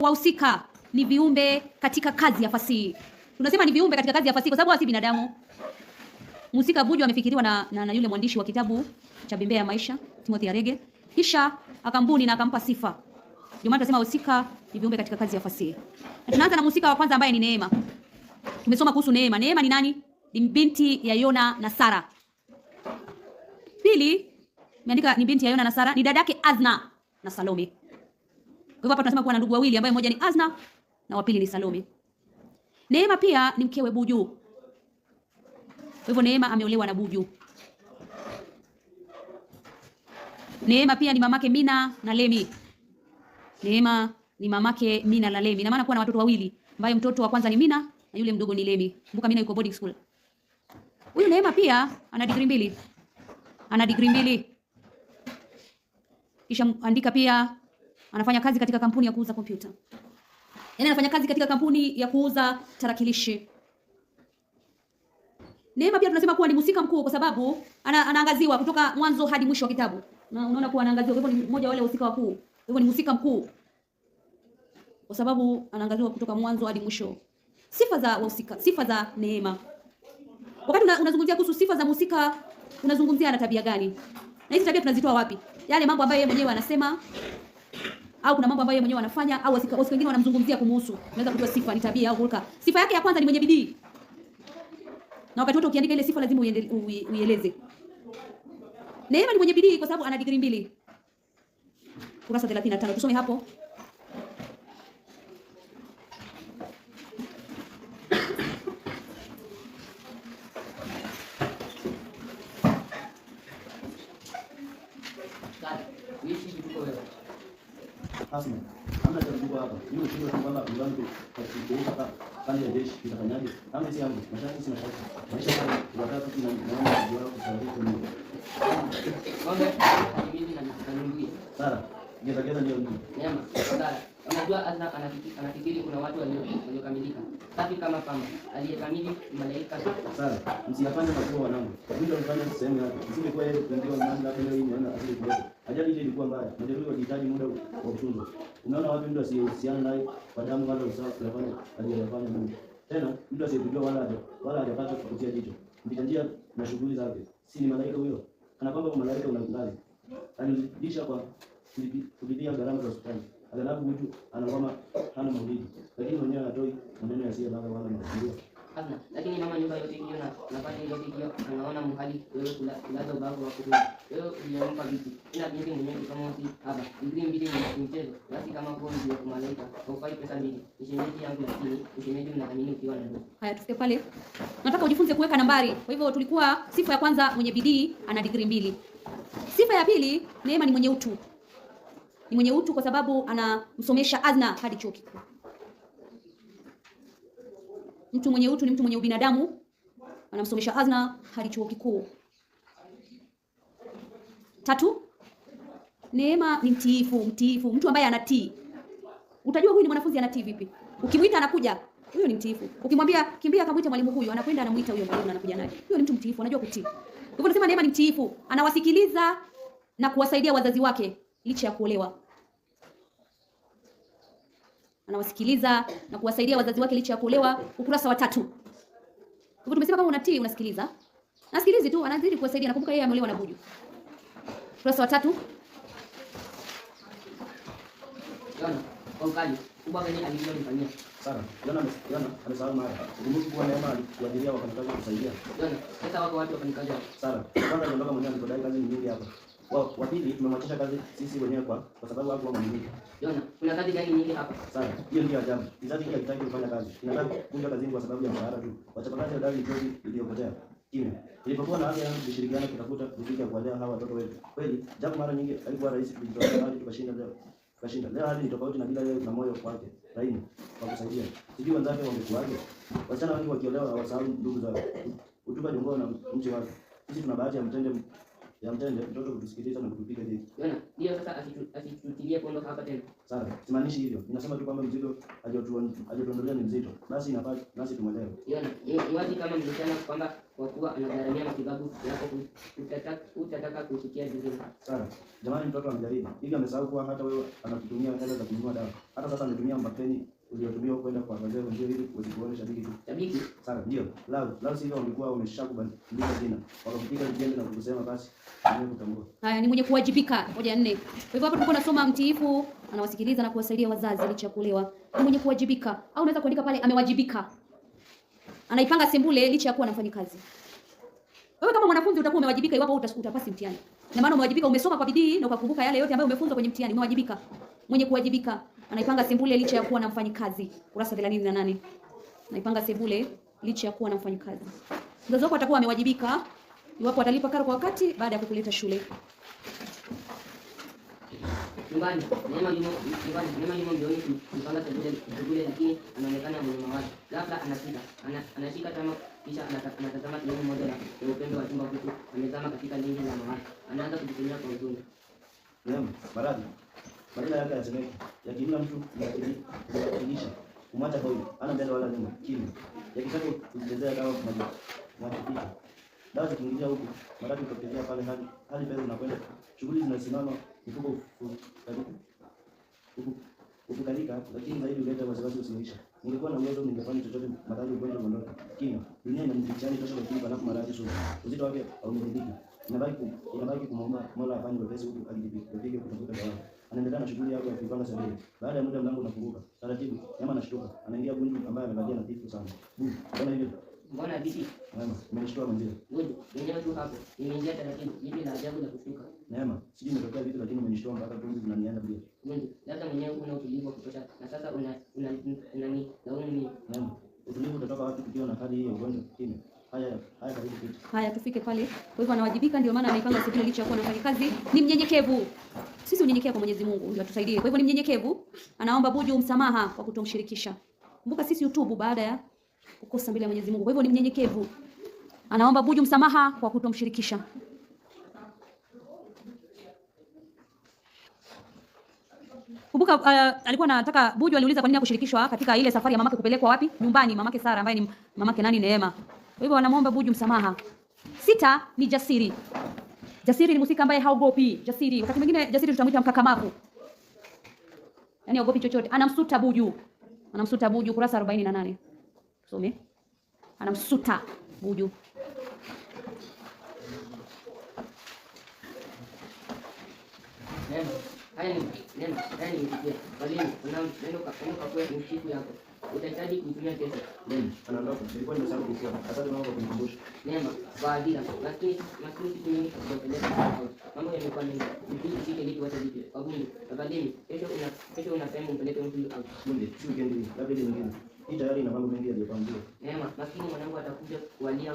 wahusika ni viumbe katika kazi ya fasihi. Tunasema ni viumbe katika kazi ya fasihi kwa sababu si binadamu. Mhusika Buju amefikiriwa na, na, na yule mwandishi wa kitabu cha Bembea ya Maisha, Timothy Arege, kisha akambuni na akampa sifa. Ndio maana tunasema wahusika ni viumbe katika kazi ya fasihi. Na tunaanza na mhusika wa kwanza ambaye ni Neema. Tumesoma kuhusu Neema. Neema ni nani? Ni binti ya Yona na Sara. Pili, imeandika ni binti ya Yona na Sara, ni dadake Azna na Salome. Kwa hivyo hapa tunasema kuwa na ndugu wawili ambaye mmoja ni Azna na wa pili ni Salome. Neema pia ni mkewe Buju. Kwa hivyo Neema ameolewa na Buju. Neema pia ni mamake Mina na Lemi. Neema ni mamake Mina na Lemi. Na maana kuwa na watoto wawili, ambaye mtoto wa kwanza ni Mina na yule mdogo ni Lemi. Kumbuka Mina yuko boarding school. Huyu Neema pia ana degree mbili. Ana degree mbili. Kisha andika pia anafanya kazi katika kampuni ya kuuza kompyuta. Yaani anafanya kazi katika kampuni ya kuuza tarakilishi. Neema pia tunasema kuwa ni mhusika mkuu kwa sababu ana, anaangaziwa kutoka mwanzo hadi mwisho wa kitabu. Na unaona kuwa anaangaziwa kwa hivyo ni mmoja wa wale wahusika wakuu. Kwa hivyo ni mhusika mkuu. Kwa sababu anaangaziwa kutoka mwanzo hadi mwisho. Sifa za wahusika, sifa za Neema. Wakati unazungumzia kuhusu sifa za mhusika, unazungumzia ana tabia gani? Na hizi tabia tunazitoa wapi? Yale mambo ambayo yeye mwenyewe anasema au kuna mambo ambayo mwenyewe wanafanya au wasika wengine wanamzungumzia kumhusu. Unaweza kujua sifa ni tabia au hulka. Sifa yake ya kwanza ni mwenye bidii. Na wakati wote ukiandika ile sifa lazima uieleze. Neema ni mwenye bidii kwa sababu ana degree mbili. Kurasa 35. Tusome hapo. Asma. Hamna cha mkubwa hapa. Yule mtu kwa kwamba mlango kwa sababu hapa kani ya jeshi itafanyaje? Hamna si yangu. Masharti si masharti. Maisha kama watatu tuna mlango wa jua kwa sababu tu mimi. Ngombe mimi na nikutangulia. Sara. Geza geza ndio mimi. Nyama. Sara. Unajua, Allah anafikiri kuna watu waliokamilika safi kama kama aliyekamili malaika. Sasa msiyafanye makosa wanangu, vile mfanya sehemu yake isingekuwa yeye kuingia mahali hapa. Leo hii niona asili kidogo, ajali ile ilikuwa mbaya, majeruhi walihitaji muda wa kutunzwa. Unaona watu ndio asiyehusiana naye kwa damu wala usawa tunafanya aliyefanya Mungu tena, mtu asiyekujua wala wala hajapata kupitia jicho, mpita njia na shughuli zake, si ni malaika huyo? Kana kwamba malaika unamdhani, alirudisha kwa kulipia gharama za hospitali Aghalabu mtu anakwama hana maulidi, lakini mwenyewe anatoi maneno yasiyo baba wala mafikirio. Hapana, lakini mama nyumba yote hiyo na nafanya yote hiyo anaona mhali wewe kula kulaza babu wa kutoa Wewe unampa vipi? Ila binti mwenyewe kama si hapa. Digrii mbili ni mchezo. Basi kama kwa ndio kwa malaika, haufai pesa mbili. Nishemeji yangu ya lakini nishemeji unadhamini ukiwa na ndoto. Haya tufike pale. Nataka ujifunze kuweka nambari. Kwa hivyo tulikuwa sifa ya kwanza mwenye bidii ana degree mbili. Sifa ya pili, Neema ni mwenye utu ni mwenye utu kwa sababu anamsomesha Azna hadi chuo kikuu. Mtu mwenye utu ni mtu mwenye ubinadamu, anamsomesha Azna hadi chuo kikuu. Tatu, Neema ni mtiifu. Mtiifu mtu ambaye anatii. Utajua huyu ni mwanafunzi anatii vipi? Ukimwita anakuja, huyo ni mtiifu. Ukimwambia kimbia, akamwita mwalimu huyo, anakwenda anamwita huyo mwalimu, na anakuja naye. Huyo ni mtu mtiifu, anajua kutii. Kwa hivyo nasema Neema ni mtiifu, anawasikiliza na kuwasaidia wazazi wake licha ya kuolewa anawasikiliza na kuwasaidia wazazi wake licha ya kuolewa. Ukurasa wa tatu. Hivyo tumesema kama unatii unasikiliza. Nasikilizi tu anazidi kuwasaidia. Nakumbuka yeye ameolewa na Buju. Ukurasa wa tatu wa pili tumemwachisha kazi sisi wenyewe kwa kwa sababu hapo mwamini. Jona, kuna kazi gani nyingi hapa? Sana. Hiyo ndio ajabu. Kizazi kile kitaki kufanya kazi. Kinataka kunja kazini kwa sababu ya mshahara tu. Wachapakazi wadai mikosi iliyopotea. Kimya. Nilipokuwa na afya yangu kushirikiana kutafuta riziki ya kuwalea hawa watoto wetu. Kweli, japo mara nyingi alikuwa rais kujitoa hadi tukashinda leo. Tukashinda. Leo hali ni tofauti na bila yeye na moyo wake. Laini kwa kusaidia. Sijui wenzake wamekuaje. Wasichana wengi wakiolewa hawasahau ndugu zao. Utupa jongoo na mche wake. Sisi tuna bahati ya mtende ya mtende mtoto kutusikiliza na kutupiga jeki. Unaona? Ndio sasa asitutilie pombe hapa tena. Sawa. Simaanishi hivyo. Ninasema tu kwamba mzito hajatuondolea ni mzito. Basi inafaa nasi tumwelewe. Unaona? Ni wazi kama mlishana kwamba kwa kuwa anagharamia matibabu yako utataka utataka kusikia vizuri. Sawa. Jamani mtoto amejaribu. Hivi amesahau kuwa hata wewe anakutumia hela za kununua dawa. Hata sasa ametumia mbapeni uliotumia kwenda kuangalia wengine ili kuweza kuona shabiki tu. Shabiki sana ndio. Lau, lao sivyo walikuwa wameshakubandika jina. Wakapiga mjembe na kusema basi ndio kutambua. Haya ni mwenye kuwajibika moja nne. Kwa hivyo hapa tulikuwa tunasoma mtiifu anawasikiliza na kuwasaidia wazazi licha kulewa. Ni mwenye kuwajibika au unaweza kuandika pale amewajibika. Anaipanga sembule licha ya kuwa anafanya kazi. Wewe kama mwanafunzi utakuwa umewajibika iwapo utapasi mtihani. Na maana umewajibika, umesoma kwa bidii na ukakumbuka yale yote ambayo umefunzwa kwenye mtihani, umewajibika. Mwenye kuwajibika. Anaipanga Sebule licha ya kuwa na mfanyikazi. Kurasa 38. Anaipanga Sebule licha ya kuwa na mfanyikazi. Mzazi wako atakuwa amewajibika iwapo atalipa karo kwa wakati baada ya kukuleta shule. Nyumbani, mama yumo nyumbani, Neema yumo jioni kumpanga sebule sebule, lakini anaonekana mwenye mawazo. Labda anashika anashika tama kisha anatazama kioo moja na upendo wa chumba huku amezama katika lingi la mawazo. Anaanza kujitumia kwa huzuni. Mama, Baraka majina yake yasemeke, yakimla mtu mnakinisha kumwacha hoi ana mbele wala nyuma, kimya. Yakitaka kuchezea dawa maji kumwacha dawa zikiingia huku maradhi utapelekea pale, hali hali pesa unakwenda, shughuli zinasimama, mfuko ufukarika, lakini zaidi huleta wasiwasi usimaisha Ningekuwa na uwezo ningefanya chochote maradhi ugonjwa uondoke. Kinga dunia ina inamtichani tosha kwa kile alafu maradhi sio. Uzito wake haumridhiki. Inabaki inabaki kumwomba Mola afanye wepesi huku akijipige kutafuta dawa. Anaendelea na shughuli yake ya kupanga sabiri. Baada ya muda mlango unafunguka. Taratibu, nyama anashtuka. Anaingia bunju ambaye amevalia nadhifu sana. Bunju, mbona hivyo? Mbona vipi? Mama, nimeshtuka mwenyewe. Bunju, yenyewe tu hapo. Imeingia taratibu. Hivi na ajabu la kushtuka. Neema, sijui nimetokea vitu lakini umenishtua mpaka pumzi zinanienda bila. Mimi labda mwenyewe una utulivu wa kutosha na sasa una una nani na gauni mimi. Neema, utulivu utatoka wapi tukiwa na hali hii ya ugonjwa kimya? Haya, haya karibu kitu. Haya tufike pale. Kwa hivyo anawajibika ndio maana ameipanga hospitali licha ya kuwa anafanya kazi ni mnyenyekevu. Sisi unyenyekea kwa Mwenyezi Mungu ndio atusaidie. Kwa hivyo ni mnyenyekevu. Anaomba Buju msamaha kwa kutomshirikisha. Kumbuka sisi YouTube baada ya kukosa mbele ya Mwenyezi Mungu. Kwa hivyo ni mnyenyekevu. Anaomba Buju msamaha kwa kutomshirikisha. Kumbuka uh, alikuwa anataka Buju aliuliza kwa nini hakushirikishwa katika ile safari ya mamake kupelekwa wapi? Nyumbani mamake Sara ambaye ni mamake nani Neema. Kwa hivyo wanamwomba Buju msamaha. Sita ni jasiri. Jasiri ni musika ambaye haogopi. Jasiri, wakati mwingine jasiri tutamwita mkakamavu. Yaani haogopi chochote. Anamsuta Buju. Anamsuta Buju kurasa 48. Tusome. Anamsuta Buju. Yeah utahitaji kuitumia pesa nema kwa ajira, lakini kitu nyingi mambo yamekuwa mengi, mshike kitu wacha vipi wabunge afadheni, kesho una sehemu mpeleke mtu out hii tayari ina mambo mengi yaliyopangiwa. Neema, maskini mwanangu atakuja kualia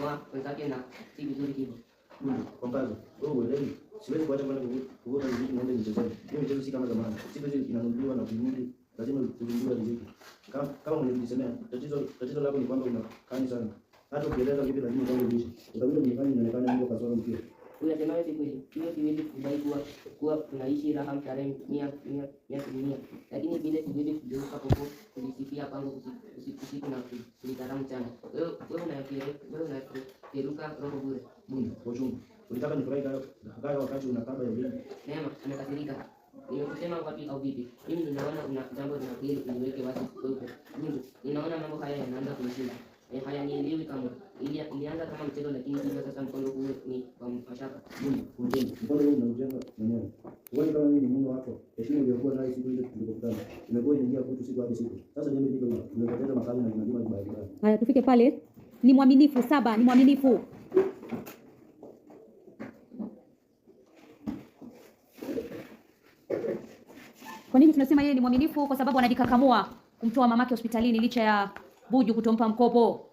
kwa wenzake, na si vizuri hivyo. Hmm, kwa mfano, wewe uelewi, siwezi kuacha mwana kuvuka muziki niende nichezeni. Hiyo michezo si kama zamani. Siku hizi inanunuliwa na kurudi, lazima kurudi muziki. Kama kama unanisemea, tatizo tatizo lako ni kwamba unakani sana. Hata ukieleza vipi lazima kwanza uishe. Utakuja kunifanya nionekane mtu kasoro mpira. Unasema yote kweli, hiyo siwezi kudai kuwa kuwa tunaishi raha starehe mia mia mia asilimia, lakini vile siwezi kugeuka popo kulisifia pango usiku na kulitaramu mchana. Wewe unakeruka roho bure buni kwa uchungu. Ulitaka nifurahi gayo wakati una kamba ya ulinzi. Neema amekasirika. Nimekusema wapi au vipi? Mimi ninaona una jambo linahili, niweke wazi kweupe. Mungu, ninaona mambo haya yanaanza kunishinda. Eh, hayanielewi kamwe. mfano huu unaujenga mwenyewe. kama mimi ni Mungu wako, heshima nayo siku ile tulipokutana imekuwa inaingia kwetu siku hadi siku. Sasa makali na ni Haya, tufike pale. Ni mwaminifu saba, ni mwaminifu. Kwa nini tunasema yeye ni mwaminifu? Kwa sababu anajikakamua kumtoa mamake hospitalini licha ya Buju kutompa mkopo.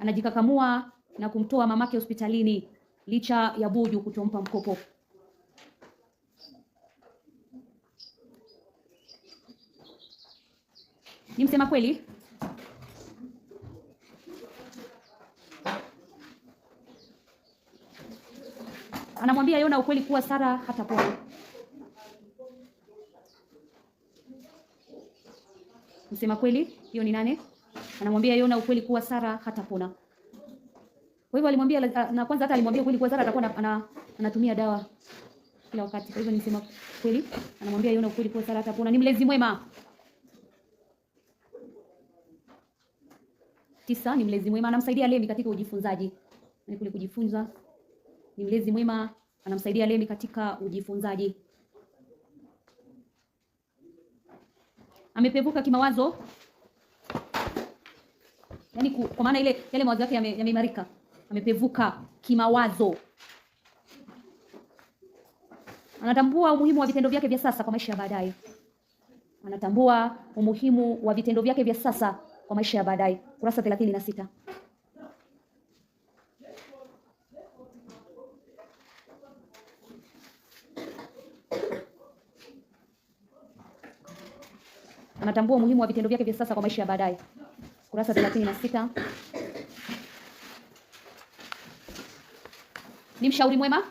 anajikakamua na kumtoa mamake hospitalini licha ya Buju kutompa mkopo. Ni msema kweli. Anamwambia Yona ukweli kuwa Sara hatapona. Msema kweli hiyo ni nane. Anamwambia Yona ukweli kuwa Sara hatapona. Kwa hivyo alimwambia na kwanza hata alimwambia kweli kuwa Sara atakuwa anatumia dawa kila wakati. Kwa hivyo nisema kweli, anamwambia Yona ukweli kuwa Sara hatapona. Ni mlezi mwema. Tisa, ni mlezi mwema, anamsaidia Lemi katika ujifunzaji. Ni yaani kule kujifunza. Ni mlezi mwema, anamsaidia Lemi katika ujifunzaji. Amepevuka kimawazo. Yaani kwa maana ile yale mawazo yake yameimarika, yame amepevuka kimawazo. Anatambua umuhimu wa vitendo vyake vya sasa kwa maisha ya baadaye. Anatambua umuhimu wa vitendo vyake vya sasa kwa maisha ya baadaye. Kurasa 36. Anatambua umuhimu wa vitendo vyake vya sasa kwa maisha ya baadaye kurasa thelathini na sita. Ni mshauri mwema,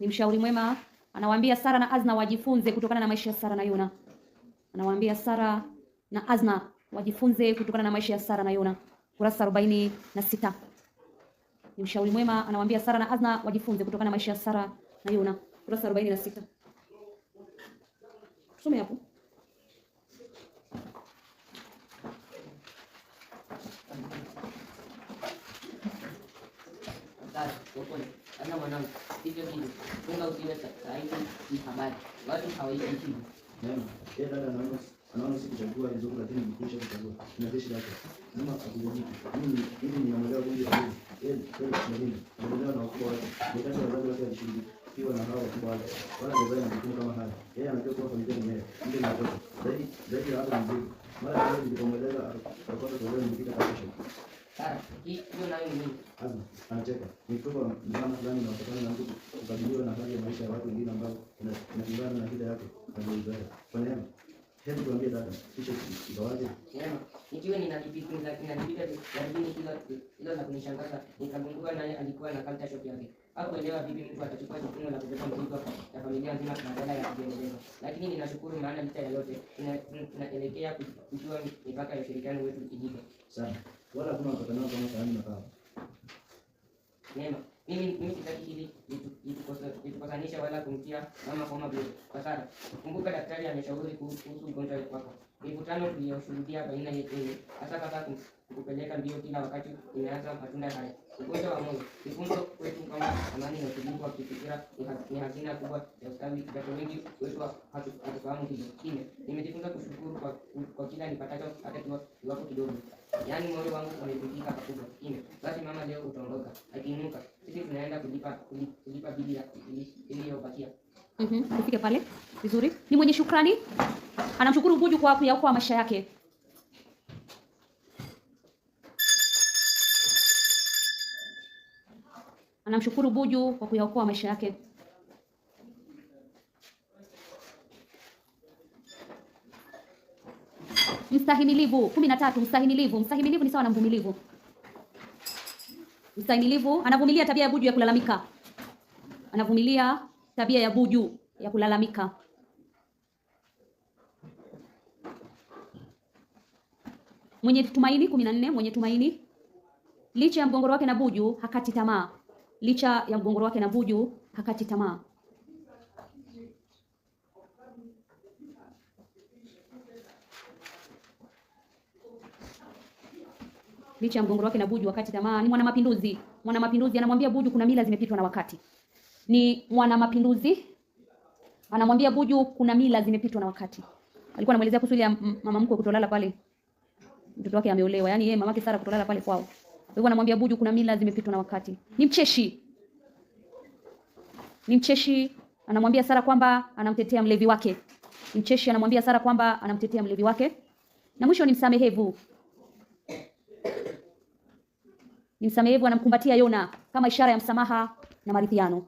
ni mshauri mwema. Anawaambia Sara na Azna wajifunze kutokana na maisha ya Sara na Yona. Anawaambia Sara na Azna wajifunze kutokana na maisha ya Sara na Yona, kurasa arobaini na sita. Ni mshauri mwema, anawaambia Sara na Azna wajifunze kutokana na maisha ya Sara na Yona, kurasa arobaini na sita. Tusome hapo. kazi, kuokonya, lazima mwanangu, hivyo kitu funga usiwe sahihi ni habari, watu hawaiheshimu. Neema, yeye dada anaona anaona si kuchagua vizuri, lakini mkuisha kuchagua ina jeshi lake kama akujamii mimi mimi nimeongelea kundi la mimi yeye kweli kwa mimi nimeongelea na wakubwa wake nitaka wazazi wake wajishiriki kiwa na hao wakubwa wake wala wazazi wanajukumu kama haya yeye anajua kuwa familia ni yeye ndio ndio zaidi zaidi ya hapo mzee mara nyingi nilipomweleza akakosa kuelewa nilipita kwa kesho Anacheka. Mifuko mfano fulani inatokana na mtu kukabiliwa na hali ya maisha ya watu wengine ambao inakinzana na shida yake na Kwa nini? Hebu tuambie dada, kisha kibawaje? Sema, nikiwa ninakipinga ninakipita lakini kila kila na kunishangaza nikagundua naye alikuwa na culture shock yake. Hakuelewa vipi mtu atachukua jukumu la kubeba mzigo na familia nzima badala ya kujiendeleza. Lakini ninashukuru maana licha ya yote tunaelekea kujua mipaka ya ushirikiano wetu ijike. Sawa wala hakuna mtokanao kama sahani na baba. Neno mimi mimi sitaki hili itukosanisha wala kumtia mama kama bure kwa Kumbuka daktari ameshauri kuhusu ugonjwa wako. Mivutano tuliyoshuhudia baina yetu hasa hasa kukupeleka mbio kila wakati inaanza matunda haya. Ugonjwa wa moyo ni funzo amani ya utulivu kifikira ni hazina kubwa ya ustawi. Watu wengi wetu hatufahamu hili. Kine, nimejifunza kushukuru kwa, kwa kila nipatacho hata kiwapo kidogo, yaani moyo wangu umeridhika pakubwa. Kine, basi mama leo utaondoka, akiinuka sisi tunaenda kulipa, kulipa bili ya iliyobakia. Mm Ufike pale vizuri, ni mwenye shukrani, anamshukuru Mungu kwa kuyaokoa maisha yake. Anamshukuru Buju kwa kuyaokoa maisha yake. Mstahimilivu kumi na tatu. Mstahimilivu, mstahimilivu ni sawa na mvumilivu. Mstahimilivu anavumilia tabia ya Buju ya kulalamika, anavumilia tabia ya Buju ya kulalamika. Mwenye tumaini kumi na nne. Mwenye tumaini licha ya mgongoro wake na Buju hakati tamaa licha ya mgongoro wake na Mvuju hakati tamaa. Licha ya mgongoro wake na Buju wakati tamaa, ni mwana mapinduzi. Mwana mapinduzi anamwambia Buju kuna mila zimepitwa na wakati. Ni mwana mapinduzi anamwambia Buju kuna mila zimepitwa na wakati. Alikuwa anamuelezea kuhusu ile mama mkwe kutolala pale, mtoto wake ameolewa, yaani yeye mamake Sara kutolala pale kwao. Kwa anamwambia Buju, kuna mila zimepitwa na wakati. Ni mcheshi, ni mcheshi. Anamwambia Sara kwamba anamtetea mlevi wake. Ni mcheshi, anamwambia Sara kwamba anamtetea mlevi wake. Na mwisho ni msamehevu, ni msamehevu. Anamkumbatia Yona kama ishara ya msamaha na maridhiano.